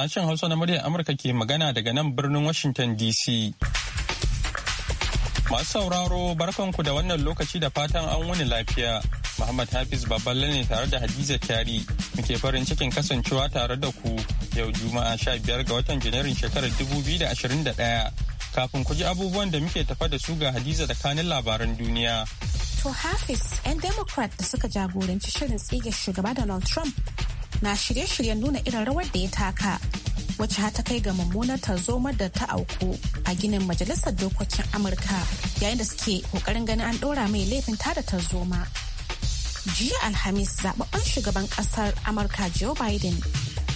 Sashen Hausa na muryar Amurka ke magana daga nan birnin Washington DC. Masu sauraro barkanku da wannan lokaci da fatan an wuni lafiya. Muhammad Hafiz Baballe ne tare da Hadiza Kyari muke farin cikin kasancewa tare da ku yau Juma'a sha biyar ga watan Janairun shekarar dubu biyu da da ashirin ɗaya, Kafin ku ji abubuwan da muke tafa da su ga Hadiza da kanin labaran duniya. To Hafiz, 'yan Democrat da suka jagoranci shirin tsige shugaba Donald Trump na shirye-shiryen nuna irin rawar da ya taka wacce ta kai ga mummunar tarzoma da ta auku a ginin majalisar dokokin amurka yayin da suke kokarin ganin an ɗora mai laifin tada tarzoma jiya alhamis zababban shugaban kasar amurka joe biden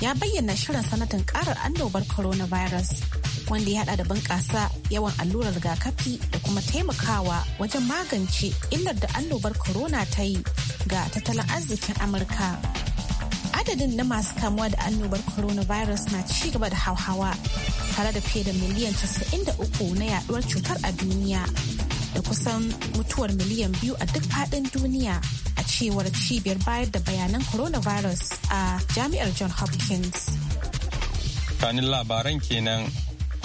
ya bayyana shirin sanatin karar annobar coronavirus wanda ya hada da bunƙasa yawan allurar rigakafi da kuma taimakawa wajen magance illar da annobar corona ta yi ga tattalin arzikin amurka adadin na masu kamuwa da annobar coronavirus na ci gaba da hauhawa tare da fiye da miliyan 93 na yaduwar cutar a duniya da kusan mutuwar miliyan biyu a duk haɗin duniya a cewar cibiyar bayar da bayanan coronavirus a jami'ar john hopkins kanin labaran kenan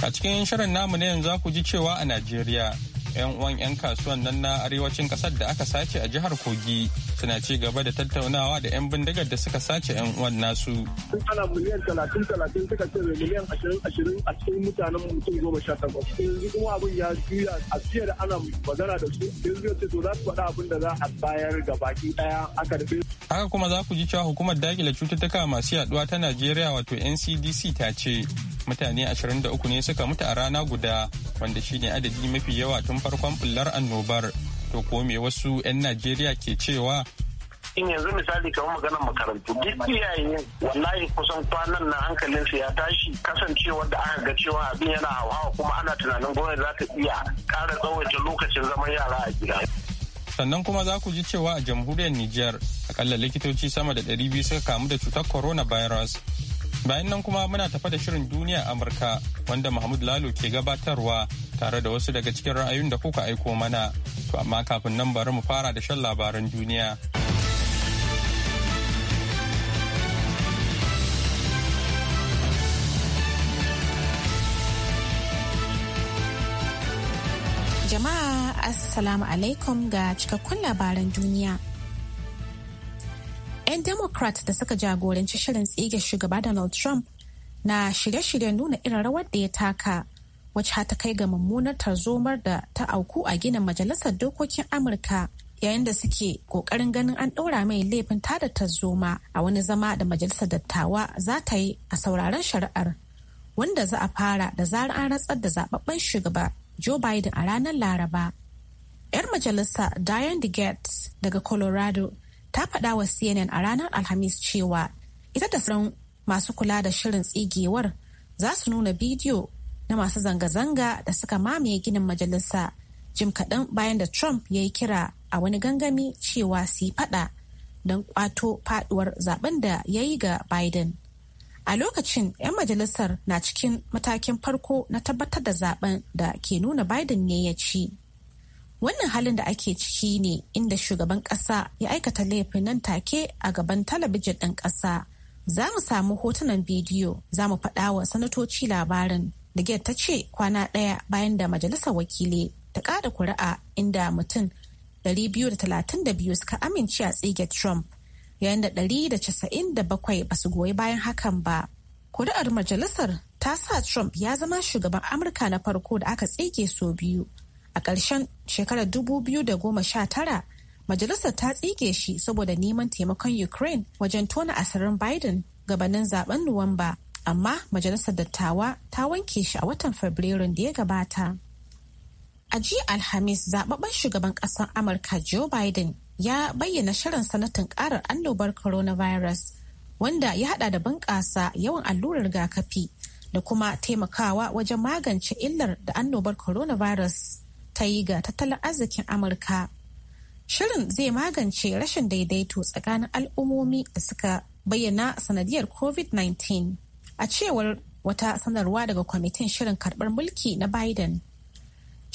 a cikin shirin namu na yanzu ku ji cewa a najeriya 'yan uwan 'yan kasuwan nan na arewacin kasar da aka sace a jihar kogi tana ci gaba da tattaunawa da 'yan bindigar da suka sace 'yan uwan nasu. Sun ana miliyan talatin talatin suka ce miliyan ashirin ashirin a cikin mutanen mutum goma sha takwas. Yanzu kuma abin ya juya a jiya da ana magana da su yanzu ce to za su faɗa abin da za a bayar ga baki ɗaya a karfe. Haka kuma za ku ji cewa hukumar dakile cututtuka masu yaduwa ta Najeriya wato NCDC ta ce mutane 23 ne suka mutu a rana guda wanda shine adadi mafi yawa tun farkon bullar annobar. To ko me wasu 'yan Najeriya ke cewa in yanzu misali kamar maganar makarantu duk iyaye wallahi kusan kwanan na hankalin ya tashi kasancewa da aka ga cewa abin yana hawa kuma ana tunanin gwamnati za ta iya kara tsawaita lokacin zaman yara a gida. sannan kuma za ku ji cewa a jamhuriyar Nijar akalla likitoci sama da 200 suka kamu da cutar coronavirus Bayan nan kuma muna tafa da shirin duniya Amurka wanda Mahmud Lalo ke gabatarwa tare da wasu daga cikin ra'ayoyin da kuka aiko mana. To amma kafin nan bari mu fara da shan labaran duniya. Jama'a Assalamu alaikum ga cikakkun labaran duniya. 'yan democrat da suka jagoranci shirin tsige shugaba donald trump na shirye-shiryen nuna irin rawar da ya taka wacce ta kai ga mummunar tarzomar da ta auku a ginin majalisar dokokin amurka yayin da suke kokarin ganin an ɗora mai laifin tada tarzoma a wani zama da majalisar dattawa za ta yi a sauraron shari'ar wanda za a fara da zarar an ratsar da zababben shugaba joe biden a ranar laraba 'yar majalisa diane de daga colorado ta faɗa wa CNN a ranar Alhamis cewa ita da sauran masu kula da shirin tsigewar za su nuna bidiyo na masu zanga-zanga da suka mamaye ginin majalisa jim kaɗan bayan da Trump ya yi kira a wani gangami cewa su yi faɗa don kwato faɗuwar zaben da ya yi ga Biden. A lokacin 'yan majalisar na cikin matakin farko na tabbatar da zaben da ke nuna Biden ne ya ci. wannan halin da ake ciki ne inda shugaban ƙasa ya aikata laifin nan take a gaban talabijin ɗin ƙasa za mu samu hotunan bidiyo za mu faɗa wa sanatoci labarin da ta ce kwana ɗaya bayan da majalisar wakilai ta ƙada kuri'a inda mutum 232 suka amince a tsige trump yayin da 197 ba su goyi bayan hakan ba kuri'ar majalisar ta sa trump ya zama shugaban amurka na farko da aka tsige sau biyu a ƙarshen shekarar 2019 majalisar ta tsige shi saboda neman taimakon ukraine wajen tona asirin biden gabanin zaben nuwamba amma majalisar dattawa ta wanke shi a watan fabrairun da ya gabata a jiya alhamis zababben shugaban ƙasar amurka joe biden ya bayyana shirin sanatin ƙarar annobar coronavirus wanda ya hada da bunƙasa yawan allurar rigakafi da kuma taimakawa wajen magance illar da annobar coronavirus ta yi ga tattalin arzikin Amurka. Shirin zai magance rashin daidaito tsakanin al'ummomi da suka bayyana sanadiyar COVID-19 a cewar wata sanarwa daga kwamitin shirin karɓar mulki na Biden.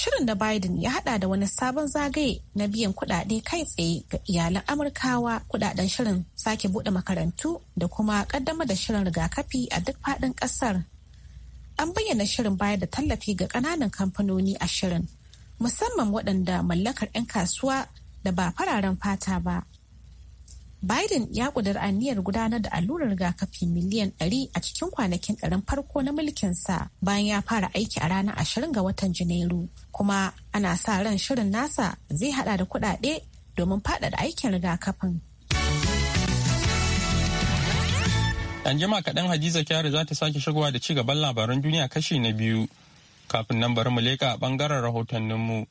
Shirin da Biden ya hada da wani sabon zagaye na biyan kudade kai tsaye ga iyalan Amurkawa kudaden shirin sake bude makarantu da kuma kaddamar da shirin rigakafi a duk faɗin ƙasar, An bayyana shirin bayar da tallafi ga ƙananan kamfanoni a shirin musamman waɗanda mallakar 'yan kasuwa da ba fararen fata ba. Biden ya ƙudiri aniyar gudanar da allurar rigakafi miliyan 100 a cikin kwanakin ɗarin farko na mulkinsa bayan ya fara aiki a ranar 20 ga watan Janairu. Kuma ana sa ran shirin nasa zai hada da kuɗaɗe domin faɗaɗa aikin rigakafin. Yan jima kaɗan Hadiza Kyari za ta sake shigowa da ci gaban labaran duniya kashi na biyu. Kafin nan bari mu leƙa bangaren rahotanninmu.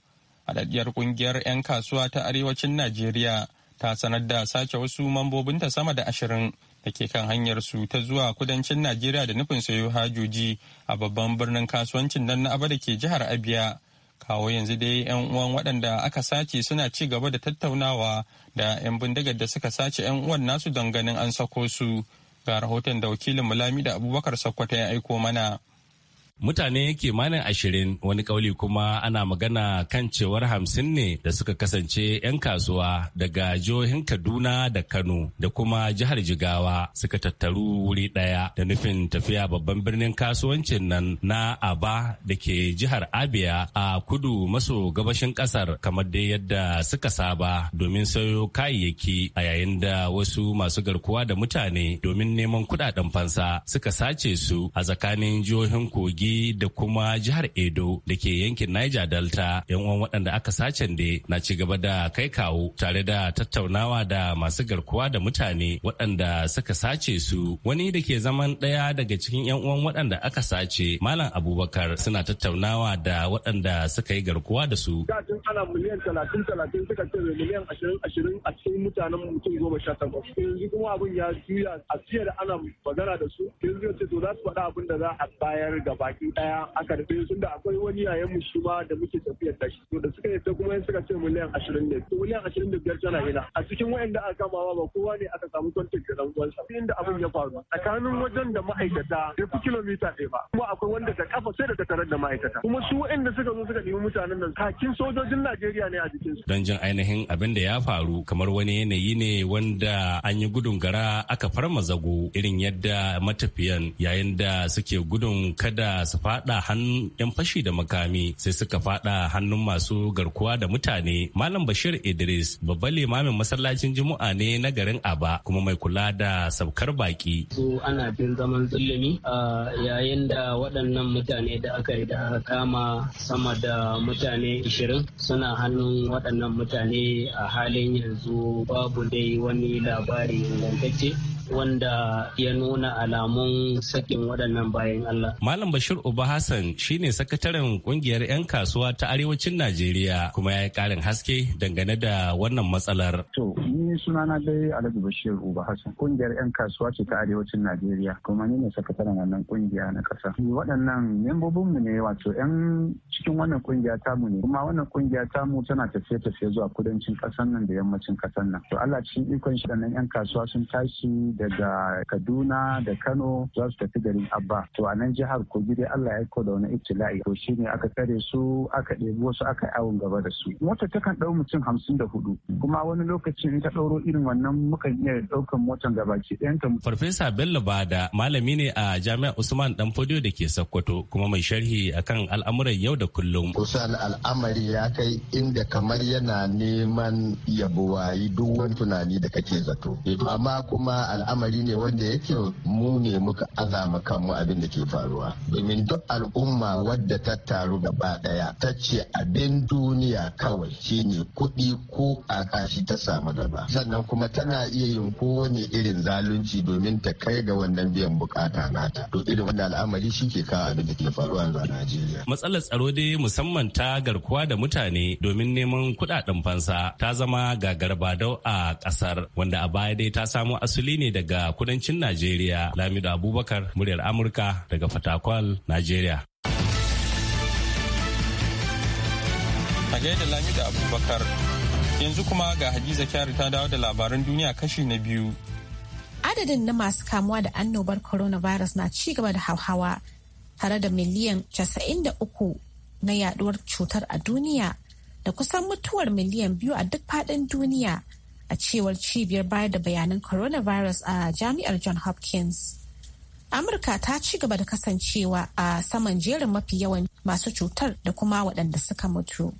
Haɗaɗɗiyar ƙungiyar 'yan kasuwa ta Arewacin Najeriya ta sanar da sace wasu mambobinta sama da ashirin da ke kan hanyar su ta zuwa kudancin Najeriya da nufin sayo hajoji a babban birnin kasuwancin nan na Aba da ke jihar abiya Kawo yanzu dai 'yan uwan waɗanda aka sace suna ci gaba da tattaunawa da 'yan bindigar da suka sace 'yan uwan nasu don ganin an sako su. Ga rahoton da wakilin Mulami da Abubakar sakkwata ya aiko mana. Mutane kimanin ashirin wani kauli kuma ana magana kan cewar hamsin ne da suka kasance 'yan kasuwa daga jihohin Kaduna da Kano da kuma jihar Jigawa suka tattaru wuri ɗaya da nufin tafiya babban birnin kasuwancin nan na Aba da ke jihar Abia a kudu maso gabashin ƙasar kamar dai yadda suka saba domin sayo kayayyaki a yayin da wasu masu garkuwa da mutane domin neman kuɗaɗen fansa suka sace su a tsakanin jihohin kogi kogi da kuma jihar edo da ke yankin niger delta yan uwan waɗanda aka sace da na ci gaba da kai kawo tare da tattaunawa da masu garkuwa da mutane waɗanda suka sace su wani da ke zaman ɗaya daga cikin yan uwan waɗanda aka sace malam abubakar suna tattaunawa da waɗanda suka yi garkuwa da su ana miliyan talatin talatin suka ce miliyan ashirin ashirin a cikin mutanen mutum goma sha takwas yanzu kuma abin ya juya a jiya da ana magana da su yanzu ya ce to za su faɗa abin da za a bayar gaba baki daya aka rufe sun da akwai wani yayan mu shi ma da muke tafiyar da shi to da suka yadda kuma suka ce miliyan 20 ne to miliyan 25 tana yana a cikin wayanda aka kama ba kowa ne aka samu kwantar da rangon sa inda abin ya faru tsakanin wajen da ma'aikata bai fi kilomita ɗaya ba kuma akwai wanda da kafa sai da ta tarar da ma'aikata kuma su wayanda suka zo suka nemi mutanen nan kakin sojojin Najeriya ne a jikin su dan jin ainihin abin da ya faru kamar wani yanayi ne wanda an yi gudun gara aka farma zago irin yadda matafiyan yayin da suke gudun kada su fada hannun 'yan fashi da makami sai suka fada hannun masu garkuwa da mutane malam bashir idris babban limamin masallacin juma'a ne na garin aba kuma mai kula da saukar baki su ana bin zaman zulumi yayin da waɗannan mutane da aka yi da kama sama da mutane 20 suna hannun waɗannan mutane a halin yanzu babu dai wani labari ingantacce wanda ya nuna alamun sakin waɗannan bayan Allah. Malam Bashir Uba Hassan shine sakataren kungiyar 'yan kasuwa ta arewacin Najeriya kuma ya yi ƙarin haske dangane da wannan matsalar. To, ni sunana dai Alhaji Bashir Uba Hassan. Kungiyar 'yan kasuwa ce ta arewacin Najeriya kuma ni ne sakataren wannan kungiya na ƙasa. Waɗannan mu ne wato 'yan cikin wannan kungiya tamu ne kuma wannan kungiya tamu tana tafiye-tafiye zuwa kudancin ƙasar nan da yammacin ƙasar nan. To Allah cikin ikon shi nan 'yan kasuwa sun tashi daga kaduna da kano za su tafi garin abba to a jihar kogi dai allah ya aiko da wani ibtila'i to shine aka tsare su aka ɗebi wasu aka yi awon gaba da su ta takan ɗau mutum hamsin da hudu kuma wani lokacin ta ɗauro irin wannan mukan iya ɗaukan motar gaba ki ɗayanta. farfesa bello bada malami ne a jami'a usman dan fodiyo da ke sokoto kuma mai sharhi akan al'amuran yau da kullum. kusan al'amari ya kai inda kamar yana neman yabuwayi duk wani tunani da kake zato amma kuma al'amari ne wanda yake mu ne muka azama kanmu abin da ke faruwa domin duk al'umma wadda ta taru gaba daya ta ce abin duniya kawai shine kuɗi ko a kashi ta samu gaba sannan kuma tana iya yin kowane irin zalunci domin ta kai ga wannan biyan bukata nata to irin wannan al'amari shi ke kawo abin da ke faruwa a Najeriya matsalar tsaro dai musamman ta garkuwa da mutane domin neman kuɗaɗen fansa ta zama gagarba dau a ƙasar wanda a baya dai ta samo asali ne daga kudancin Najeriya, Lamido Abubakar, muryar Amurka daga Fatakwal, Najeriya. A gaida Lamido Abubakar, yanzu kuma ga Hadiza Kyari ta dawo da labaran duniya kashi na biyu. Adadin na masu kamuwa da annobar coronavirus na ci gaba da hauhawa tare da miliyan 93 na yaduwar cutar a duniya da kusan mutuwar miliyan biyu a duk faɗin duniya. a cewar cibiyar bayar da bayanan coronavirus a jami'ar John Hopkins. Amurka ta ci gaba da kasancewa a saman jerin mafi yawan masu cutar da kuma waɗanda suka mutu.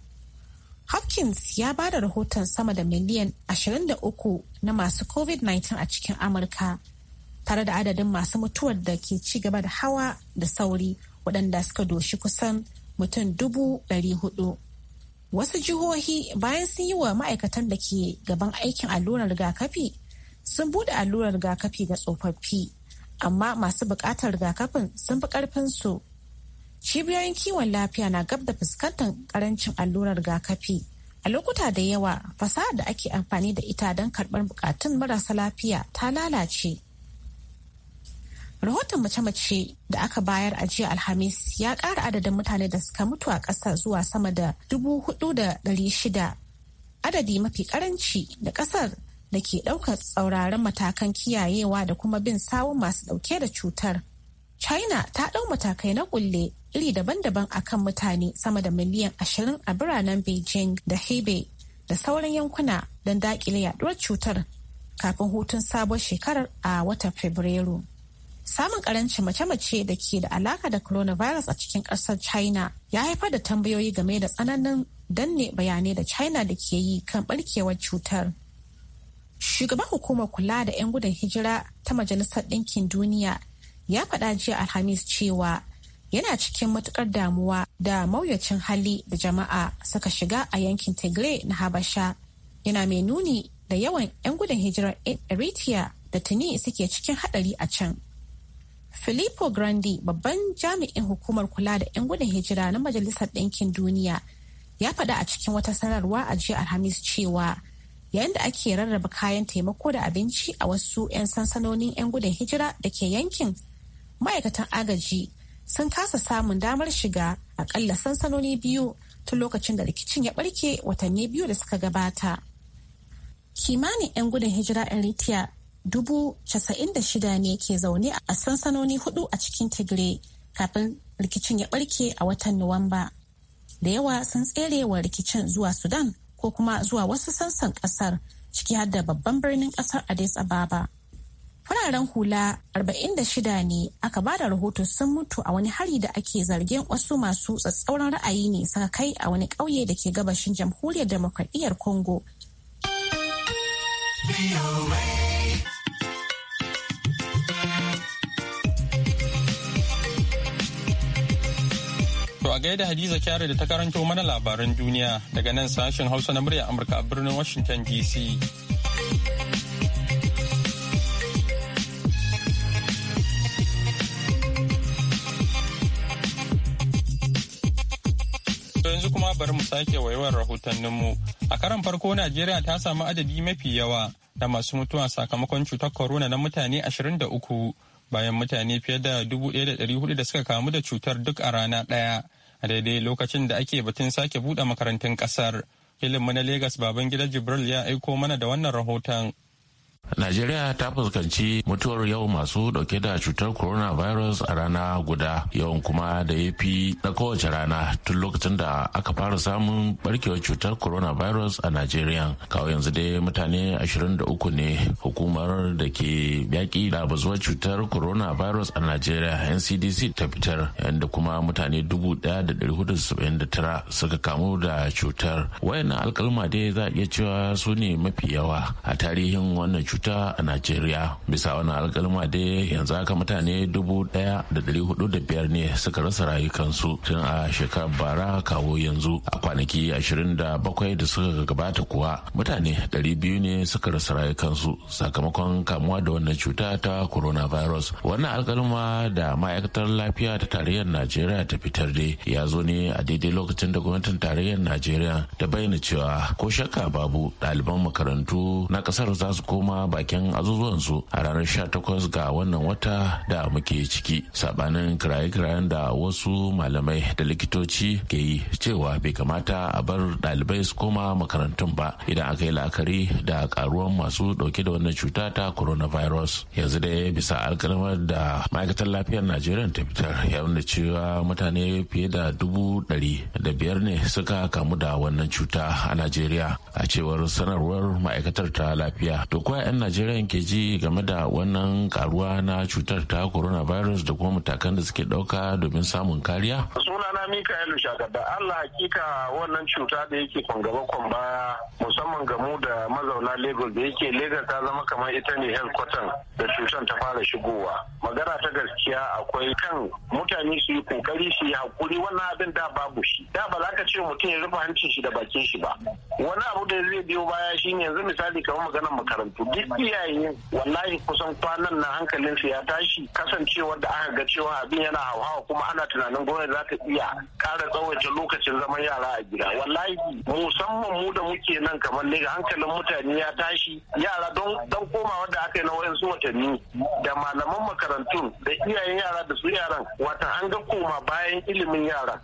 Hopkins ya ba da rahoton sama da miliyan 23 na masu COVID-19 a cikin Amurka, tare da adadin masu mutuwar da ke ci gaba da hawa da sauri waɗanda suka doshi kusan mutum dubu ɗari hudu. Wasu jihohi bayan sun yi wa ma'aikatan da ke gaban aikin allurar rigakafi sun bude allurar rigakafi ga tsofaffi amma masu bukatar rigakafin sun fi karfin su. Cibiyoyin kiwon lafiya na gab da fuskantar karancin allurar rigakafi. A lokuta da yawa fasahar da ake amfani da ita don karɓar bukatun marasa lafiya ta lalace. rahoton mace-mace da aka bayar a jiya alhamis ya ƙara adadin mutane da suka mutu a ƙasa zuwa sama da dubu da shida adadi mafi karanci da ƙasar da ke ɗaukar tsauraran matakan kiyayewa da kuma bin sawun masu ɗauke da cutar china ta ɗau matakai na ƙulle iri daban-daban a kan mutane sama da miliyan ashirin a biranen beijing da hebei da sauran yankuna don daƙile yaduwar cutar kafin hutun sabon shekarar a watan fabrairu Samun karancin mace-mace da ke da alaka da coronavirus a cikin kasar China ya haifar da tambayoyi game da tsananin danne bayanai da China da ke yi kan barkewar cutar. Shugaban hukumar kula da 'yan gudun hijira ta Majalisar Ɗinkin Duniya ya faɗa jiya Alhamis cewa yana cikin matukar damuwa da mauyacin hali da jama'a suka shiga a yankin Tigray na Habasha. Yana mai nuni da yawan 'yan gudun hijirar Eritrea da tuni suke cikin haɗari a can. Filippo Grandi babban jami'in hukumar kula da 'yan gudun hijira na Majalisar Ɗinkin Duniya ya faɗa a cikin wata sanarwa a jiya Alhamis cewa yayin da ake rarraba kayan taimako da abinci a wasu 'yan sansanonin 'yan gudun hijira da ke yankin ma'aikatan agaji sun kasa samun damar shiga akalla sansanoni biyu tun lokacin da rikicin ya barke watanni biyu da suka gabata. Kimanin 'yan gudun hijira Eritrea dubu casa'in da shida ne ke zaune a sansanoni hudu a cikin tigray kafin rikicin ya barke a watan nuwamba da yawa sun tserewa rikicin zuwa sudan ko kuma zuwa wasu sansan kasar ciki har da babban birnin kasar ades ababa fararen hula 46 ne aka ba da rahoto sun mutu a wani hari da ake zargin wasu masu tsatsauran ra'ayi ne suka kai a wani ƙauye da ke gabashin jamhuriyar demokradiyyar congo a gaida Hadiza Kyari da ta karanto mana labaran duniya daga nan sashen Hausa na murya Amurka a birnin Washington DC. yanzu kuma bari mu sake waiwar rahotanninmu. A karan farko Najeriya ta samu adadi mafi yawa da masu mutuwa sakamakon cutar corona na mutane 23 bayan mutane fiye da 1,400 da suka kamu da cutar duk a rana daya. a daidai lokacin da ake batun sake buɗe makarantun ƙasar mu na Legas Babangida Jibril ya aiko mana da wannan rahoton Najeriya ta fuskanci mutuwar yau masu dauke da cutar coronavirus a rana guda yawan kuma da ya fi na kowace rana tun lokacin da aka fara samun barkewar cutar coronavirus a Najeriya. Kawo yanzu dai mutane 23 ne hukumar da ke yaƙi da bazuwar cutar coronavirus a Najeriya NCDC ta fitar yadda kuma mutane 1,479 suka kamu da cutar. Wayannan alkalma dai za a iya cewa su ne mafi yawa a tarihin wannan cutar. cuta a najeriya bisa wani alkalma dai yanzu haka mutane dubu daya da dari hudu da biyar ne suka rasa rayukansu tun a shekarar bara kawo yanzu a kwanaki ashirin da bakwai da suka gabata kuwa mutane dari biyu ne suka rasa rayukansu sakamakon kamuwa da wannan cuta ta coronavirus wannan alkalma da ma'aikatar lafiya ta tarayyar najeriya ta fitar dai ya zo ne a daidai lokacin da gwamnatin tarayyar najeriya ta bayyana cewa ko shakka babu ɗaliban makarantu na ƙasar za su koma bakin azuzuwansu a ranar 18 ga wannan wata da muke ciki sabanin kiraye-kirayen da wasu malamai da likitoci ke yi cewa bai kamata a bar ɗalibai su koma makarantun ba idan aka yi la'akari da karuwan masu ɗauke da wannan cuta ta coronavirus yanzu dai bisa alkalmar da ma'aikatar lafiyar najeriya ta fitar ya nuna cewa mutane fiye da dubu ɗari da biyar ne suka kamu da wannan cuta a najeriya a cewar sanarwar ma'aikatar ta lafiya to kuwa 'yan najeriya ke ji game da wannan karuwa na cutar ta coronavirus da kuma matakan da suke dauka domin samun kariya sunana mikael shagada allah hakika wannan cuta da yake kwangaba kwamba musamman gamu da mazauna lagos da yake lagos ta zama kamar ita ne headquarter da cutar ta fara shigowa magana ta gaskiya akwai kan mutane su yi kokari su yi hakuri wannan abin da babu shi da ba za ka ce mutum ya rufe hancin shi da bakin shi ba wani abu da zai biyo baya shi shine yanzu misali kamar maganar makarantu iyaye wallahi kusan kwanan na hankalin su ya tashi kasancewar da aka ga cewa abin yana hauhawa kuma ana tunanin gwamnati za ta iya kara tsawaita lokacin zaman yara a gida wallahi musamman mu da muke nan kamar ne hankalin mutane ya tashi yara don dan komawa da aka yi na su watanni da malaman makarantun da iyayen yara da su yaran wata an ga koma bayan ilimin yara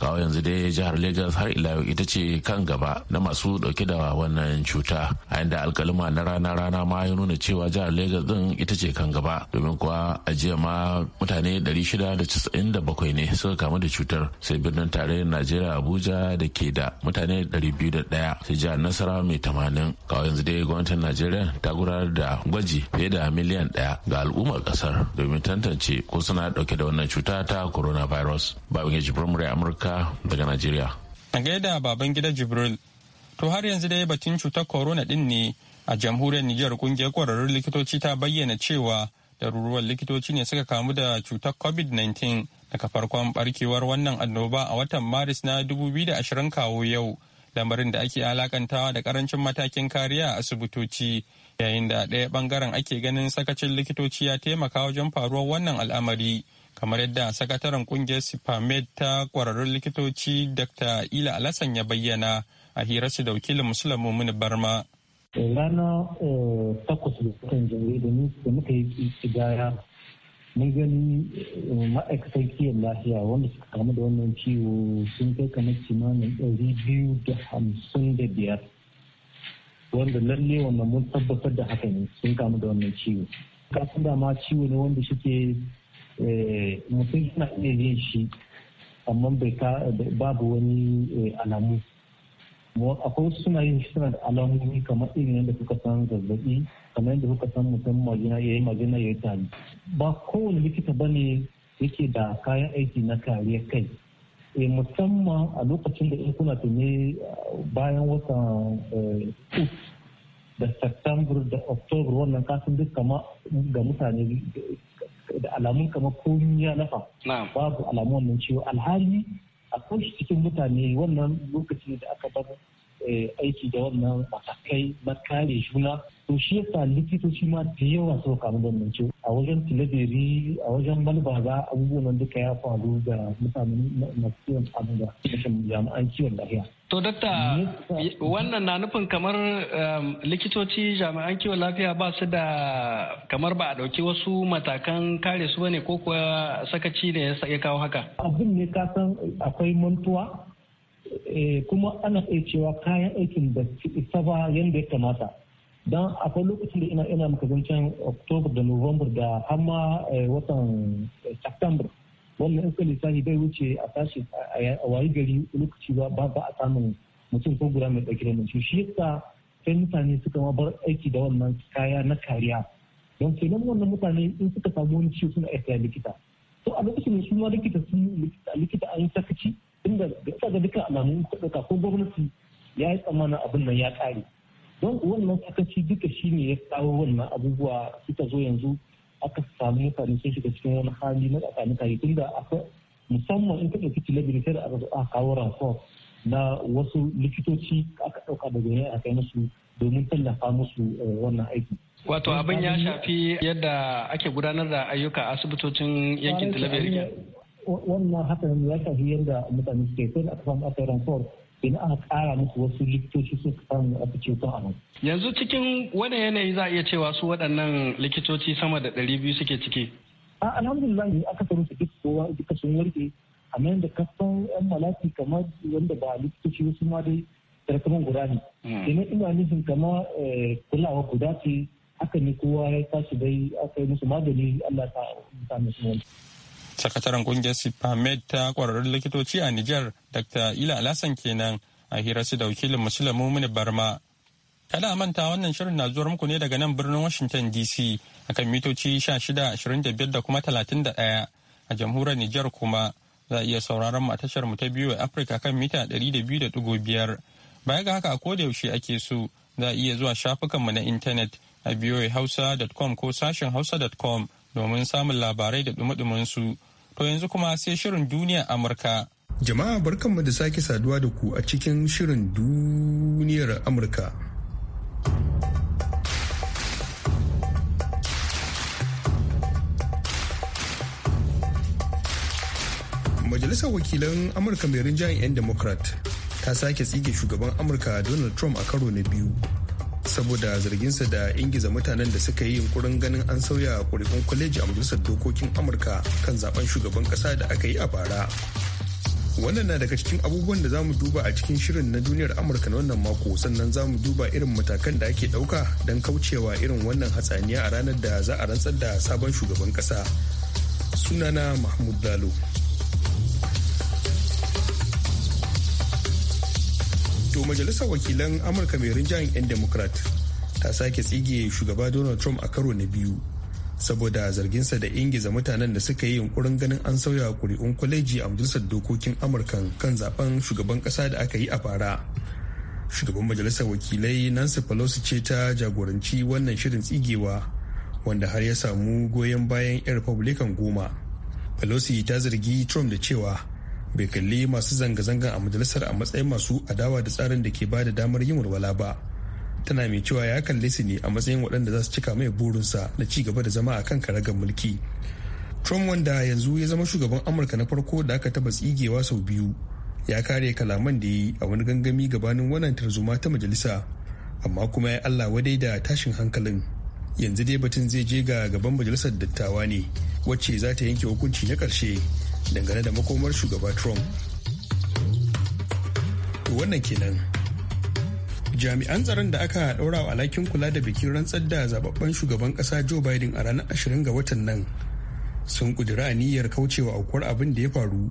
kawo yanzu dai jihar lagos har ila yau ita ce kan gaba na masu dauke da wannan cuta a inda alkalima na rana rana ma ya nuna cewa jihar lagos din ita ce kan gaba domin kuwa a jiya ma mutane 697 ne suka kamu da cutar sai birnin tarayyar najeriya abuja da ke da mutane 201 sai jihar nasara mai 80 kawo yanzu dai gwamnatin najeriya ta gudanar da gwaji fiye da miliyan daya ga al'ummar kasar domin tantance ko suna dauke da wannan cuta ta coronavirus babin ya jibrin amurka Amurka daga Najeriya. A gaida baban gida Jibril, to har yanzu dai batun cutar corona din ne a jamhuriyar Nijar kungiyar kwararrun likitoci ta bayyana cewa daruruwan likitoci ne suka kamu da cutar COVID-19 daga farkon barkewar wannan annoba a watan Maris na dubu biyu da ashirin kawo yau. lamarin da ake alakantawa da karancin matakin kariya a asibitoci yayin da ɗaya ɓangaren ake ganin sakacin likitoci ya taimaka wajen faruwar wannan al'amari kamar yadda sakataren kungiyar sipamed ta kwararrun likitoci dr ila alasan ya bayyana a su da wakilin musulman mini barma rana eh, takwas da watan janairu da muka yi tsigaya mun gani eh, ma'aikatan kiyar lafiya wanda suka kamu da wannan ciwo sun kai kamar kimanin ɗari biyu da hamsin da biyar wanda lalle wannan mun tabbatar da haka ne sun kamu da wannan ciwo kasan dama ciwo ne wanda suke Eh, mutum yana iya yin shi amma bai babu wani eh, alamu akwai wasu suna yin suna da alamomi kamar irin yadda kuka san zazzabi kamar yadda kuka san mutum majina ya yi majina ya yi tari ba kowane likita ba ne yake da kayan aiki na kariya kai eh, musamman a lokacin da in kuna tuni bayan watan da september da october wannan kasan duk kama ga mutane da alamun kamar komi ya nafa babu alamun wannan ciwo alhali a shi cikin mutane wannan lokacin da aka bar eh, aiki da wannan matakai na kare juna to shi yasa likitoci ma da yawa suka kamu da wannan ciwo wajen tilabiri a wajen malbaza abubuwan duka ya faru da mutanen masu ciwon tsaro da rashin jami'an kiwon lafiya. To dakta wannan na nufin kamar um, likitoci jami'an kiwon lafiya ba su da kamar ba a ɗauki wasu matakan kare su bane ko kuwa sakaci ne ya kawo haka. Abin ne ka san akwai mantuwa eh, kuma ana iya cewa kayan aikin da isa ba yadda ya kamata. don akwai lokacin da ina ina maka zancen Oktobar da november da hama eh, watan eh, september wannan in ka lissafi bai wuce a tashi a wayi gari lokaci ba ba a samun mutum ko guda mai ɗauki da mutum shi yasa sai mutane suka ma bar aiki da wannan kaya na kariya don kenan wannan mutane in suka samu wani ciwo suna aika likita to a lokacin su ma likita sun likita an yi sakaci inda ga duka alamun kuɗa ko gwamnati ya yi tsammanin abin nan ya ƙare don wannan sakaci duka shi ne ya kawo wannan abubuwa suka zo yanzu aka samu mutane sun shiga cikin wani hali na tsakanin kayi tun da aka musamman in ka ɗauki tilabiri sai da aka zo aka kawo ranko na wasu likitoci aka ɗauka daga ne a kai musu domin tallafa musu eh, wannan aiki. Wato abin ya shafi yadda ake gudanar da ayyuka asibitocin yankin tilabiri. Wannan hakan ya shafi yadda mutane suke sai da aka samu aka yi idan aka kara musu wasu likitoci su kan a a Yanzu cikin wani yanayi za a iya cewa su waɗannan likitoci sama da ɗari biyu suke ciki. A alhamdulillah ne aka samu su duk kowa duka sun warke amma yadda kasan yan malaki kamar wanda ba likitoci wasu ma dai tarkaman guda ne. Hmm. ina ina nufin kama eh, kulawa guda ce haka ne kowa ya tashi bai aka yi musu magani Allah ta sami su wani. sakataren kungiyar sipamed ta kwararrun likitoci a niger dr ila alasan kenan a su da wakilin musulun mumini barma kada a manta wannan shirin na zuwa muku ne daga nan birnin washington dc akan mitoci 16 da kuma 31 a jamhuriyar niger kuma za a iya sauraron a tashar mu ta biyu a Afirka kan mita da da 200.5. Baya ga haka a koda yaushe ake so za a iya zuwa shafukanmu na intanet a voahausa.com ko sashen hausa.com domin samun labarai da dumi su to yanzu kuma sai shirin duniya Amurka. Jama'a barkanmu da sake saduwa da ku a cikin shirin duniyar Amurka. Majalisar wakilan Amurka mai rinjayen 'yan Democrat ta sake tsige shugaban Amurka Donald Trump a karo na biyu. saboda zarginsa da ingiza mutanen da suka yi yunkurin ganin an sauya kuri'un kwaleji a majalisar dokokin amurka kan zaben shugaban kasa da aka yi a bara wannan na daga cikin abubuwan da zamu duba a cikin shirin na duniyar amurka na wannan mako sannan zamu duba irin matakan da ake dauka don kaucewa irin wannan hatsaniya a ranar da za a rantsar da sabon shugaban kasa sunana mahmud lalo majalisar wakilan amurka mai rinjayen 'yan democrat ta sake tsige shugaba donald trump a karo na biyu saboda zarginsa da ingiza mutanen da suka yi yunkurin ganin an sauya kuri'un kwaleji a majalisar dokokin amurka kan zaben shugaban kasa da aka yi a bara shugaban majalisar wakilai nancy pelosi ce ta jagoranci wannan shirin tsigewa wanda har ya samu goyon bayan 'yan republican goma pelosi ta zargi trump da cewa bai kalli masu zanga-zangan a majalisar a matsayin masu adawa da tsarin da ke bada damar yin walwala ba tana mai cewa ya kalli su ne a matsayin waɗanda za su cika mai burinsa na ci gaba da zama a kan karagar mulki trump wanda yanzu ya zama shugaban amurka na farko da aka taba tsigewa sau biyu ya kare kalaman da yi a wani gangami gabanin wannan tarzoma ta majalisa amma kuma ya allah wadai da tashin hankalin yanzu dai batun zai je ga gaban majalisar dattawa ne wacce za ta yanke hukunci na karshe. dangane da makomar shugaba trump wannan kenan jami'an tsaron da aka daura wa alhakin kula da bikin rantsar da zababben shugaban ƙasa joe biden a ranar 20 ga watan nan sun kudura aniyar kaucewa aukuwar abin da ya faru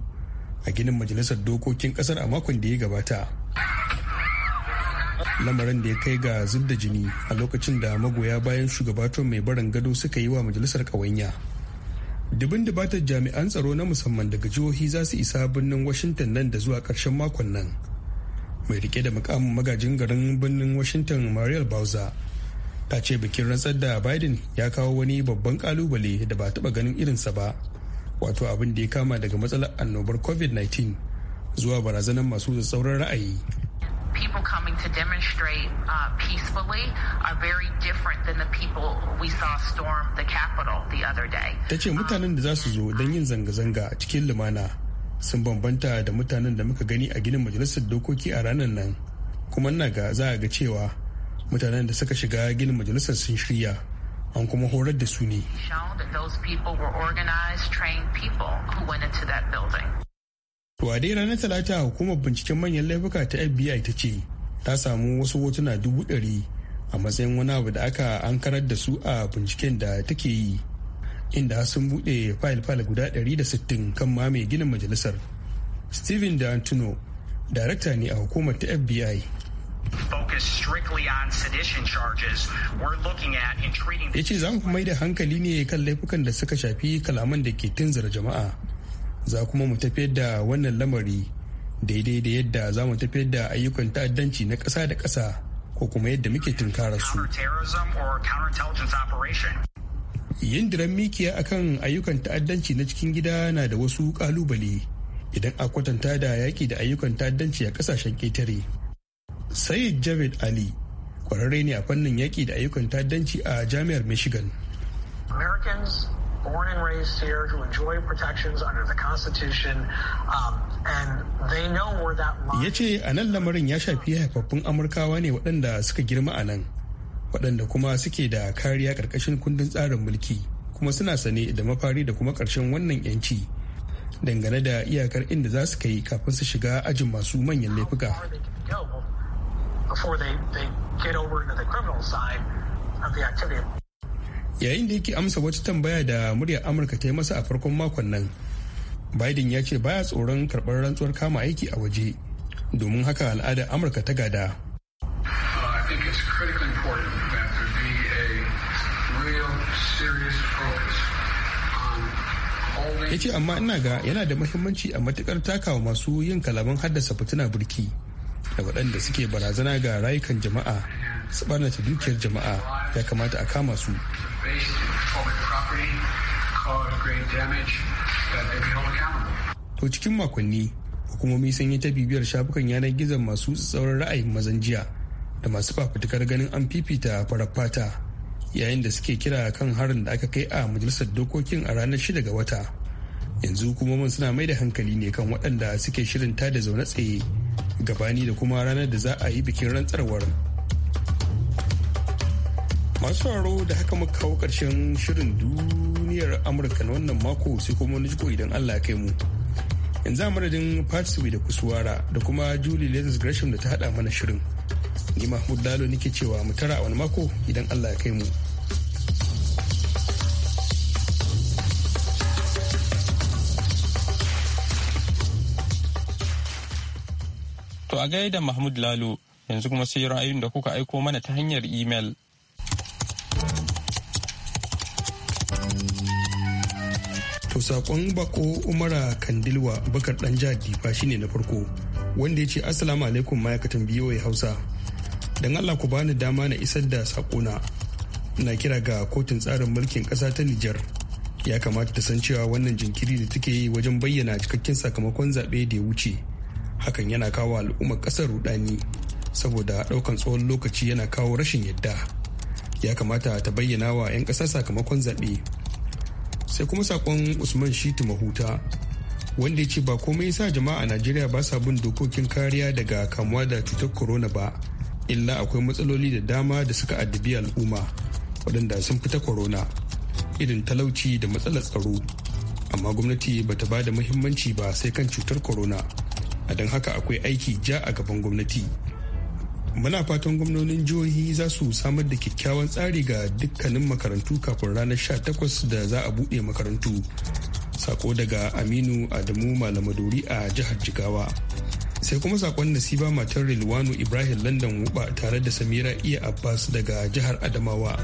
a ginin majalisar dokokin kasar a makon da ya gabata lamarin da ya kai ga zub jini a lokacin da magoya bayan shugaba mai barin gado suka yi wa majalisar ƙawanya. dubin dubatar jami'an tsaro na musamman daga jihohi za su isa birnin washington nan da zuwa ƙarshen makon nan mai rike da mukamin magajin garin birnin washington mariel bauza ta ce bikin rantsar da biden ya kawo wani babban kalubale da ba taba ganin irinsa ba wato abin da ya kama daga matsalar annobar covid-19 zuwa barazanar masu tsauran ra'ayi people coming to demonstrate uh, peacefully are very different than the people we saw storm the capital the other day. Ta ce mutanen da za su zo don yin zanga-zanga cikin lumana sun bambanta da mutanen da muka gani a ginin majalisar dokoki a ranar nan. Kuma ina ga za a ga cewa mutanen da suka shiga ginin majalisar sun shirya an kuma horar da su ne. To a dai ranar Talata hukumar binciken manyan laifuka ta FBI ta ce ta samu wasu hotuna dubu ɗari a matsayin wani abu da aka ankarar da su a binciken da take yi inda sun buɗe fayil-fayil guda sittin kan mai ginin majalisar. Steven D'Antuno, darakta ne a hukumar ta FBI. Ya ce za mu mai da hankali ne kan laifukan da suka shafi kalaman da ke tunzura jama'a. za kuma mu tafiyar da wannan lamari daidai da yadda za mu tafiyar da ayyukan ta'addanci na ƙasa da ƙasa ko kuma yadda muke tunkara su. Yin diran mikiya akan ayyukan ta'addanci na cikin gida na da wasu ƙalubale idan a kwatanta da yaƙi da ayyukan ta'addanci a ƙasashen ƙetare. Sayyid Javid Ali ƙwararre ne a fannin yaƙi da ayyukan ta'addanci a Jami'ar Michigan. Americans born and raised here who enjoy protections under the Constitution, um, and they know where that. Ya ce a nan lamarin ya shafi haifaffun Amurkawa ne waɗanda suka girma a nan, waɗanda kuma suke da kariya ƙarƙashin kundin tsarin mulki, kuma suna sane da mafari da kuma ƙarshen wannan 'yanci. dangane da iyakar inda za su kai kafin su shiga ajin masu manyan laifuka. before they, they get over into the criminal side of the activity. yayin da yake amsa wata tambaya da muryar amurka ta yi masa a farkon makon nan biden ya ce baya tsoron karɓar rantsuwar kama aiki a waje domin haka al'ada amurka ta gada ya ce amma ina ga yana da mahimmanci a matukar takawa masu yin kalaman haddasa fitina burki da waɗanda suke barazana ga rayukan jama'a su ta dukiyar jama'a ya kamata a kama su to cikin makonni hukumomi sun yi ta bibiyar shafukan yanar gizon masu tsauran ra'ayin mazan jiya da masu fafutukar ganin an fifita farar fata yayin da suke kira kan harin da aka kai a majalisar dokokin a ranar 6 ga wata yanzu kuma hukumomin suna mai da hankali ne kan waɗanda suke shirin tada zaune tsaye gabani da kuma ranar da za a yi bikin rantsarwar masu sauraro da haka muka kawo ƙarshen shirin duniyar amurka na wannan mako sai kuma wani jiko idan allah kai mu yanzu a madadin patsy da kusuwara da kuma julie lenz gresham da ta hada mana shirin ni mahmud lalo nake cewa mu tara a wani mako idan allah ya kai mu to a gaida mahmud lalo yanzu kuma sai ra'ayin da kuka aiko mana ta hanyar imel. saƙon bako umara kandilwa bakar ɗan jadi shi ne na farko wanda ya ce assalamu alaikum ma'aikatan ya hausa don allah ku bani dama na isar da saƙona. na kira ga kotun tsarin mulkin ƙasa ta nijar ya kamata ta san cewa wannan jinkiri da take yi wajen bayyana cikakken sakamakon zaɓe da ya wuce hakan yana kawo al'ummar ƙasar rudani saboda ɗaukan tsawon lokaci yana kawo rashin yadda ya kamata ta bayyana wa 'yan ƙasa sakamakon zaɓe sai kuma sakon usman shitu mahuta wanda ya ce ba komai sa jama'a a najeriya ba sa bin dokokin kariya daga kamuwa da cutar corona ba illa akwai matsaloli da dama da suka addabi al'umma waɗanda sun fita corona irin talauci da matsalar tsaro amma gwamnati ba ta ba da muhimmanci ba sai kan cutar corona a don haka akwai aiki ja a gaban gwamnati muna fatan gwamnonin jihohi za su samar da kyakkyawan tsari ga dukkanin makarantu kafin ranar sha takwas da za a buɗe makarantu sako daga aminu adamu malamadori a jihar jigawa sai kuma sakon nasiba matar rilwanu ibrahim london wuba tare da samira iya abbas daga jihar adamawa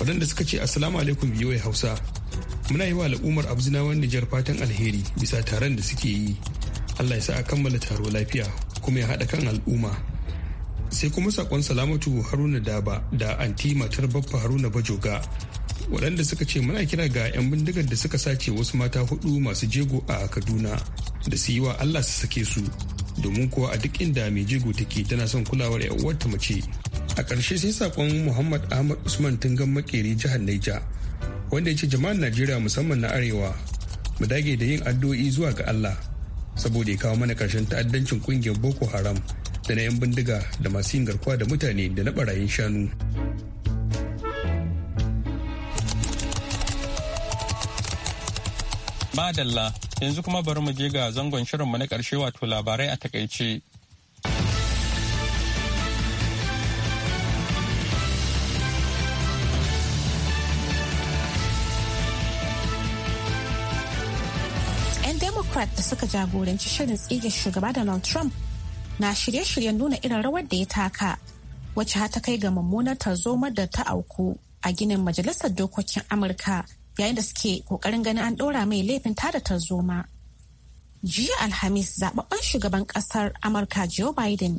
waɗanda suka ce assalamu alaikum biyoyi hausa muna yi wa al'ummar abzinawan nijar fatan alheri bisa taron da suke yi allah ya sa a kammala taro lafiya kuma ya haɗa kan al'umma sai kuma sakon salamatu haruna daba da anti matar baffa haruna bajoga waɗanda suka ce muna kira ga 'yan bindigar da suka sace wasu mata hudu masu jego a kaduna da su yi wa allah su sake su domin kuwa a duk inda mai jego take tana son kulawar uwarta mace a ƙarshe sai sakon muhammad ahmad usman tungan makeri jihar naija wanda ya ce jama'ar najeriya musamman na arewa mu dage da yin addu'o'i zuwa ga allah saboda ya kawo mana ƙarshen ta'addancin ƙungiyar boko haram da na 'yan bindiga da masu yin garkuwa da mutane da na barayin shanu madalla yanzu kuma bari mu je ga zangon shirinmu na ƙarshe wato labarai a takaice 'yan democrat da suka jagoranci shirin tsige shugaba donald trump na shirye-shiryen nuna irin rawar da ya taka wacce ta kai ga mummunar tarzoma da ta auku a ginin majalisar dokokin amurka yayin da suke kokarin ganin an ɗora mai laifin tada tarzoma jiya alhamis zababben shugaban kasar amurka joe biden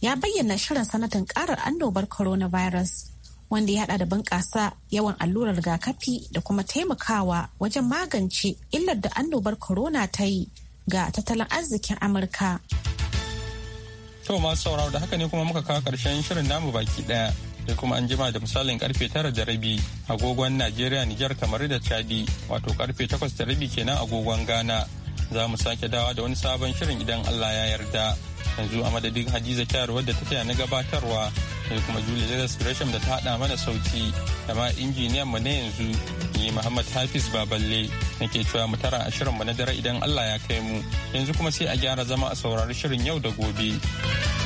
ya bayyana shirin sanatin karar annobar coronavirus wanda ya hada da bunƙasa yawan allurar rigakafi da kuma taimakawa wajen magance illar da annobar corona ta yi ga tattalin arzikin amurka. To masu sauraro da haka ne kuma muka kawo karshen shirin namu baki daya. da kuma an jima da misalin karfe tara da rabi agogon Najeriya Nijar kamar da Chadi wato karfe takwas da rabi kenan agogon Ghana. Za mu sake dawa da wani sabon shirin idan Allah ya yarda. Yanzu a madadin Hadiza Kyaru wadda ta taya na gabatarwa sai kuma Julie jesus Gresham da ta haɗa mana sauti da ma injiniyan mu na yanzu ni Muhammad Hafiz Baballe nake cewa mu tara shirin mu na dare idan Allah ya kai mu yanzu kuma sai a gyara zama a saurari shirin yau da gobe.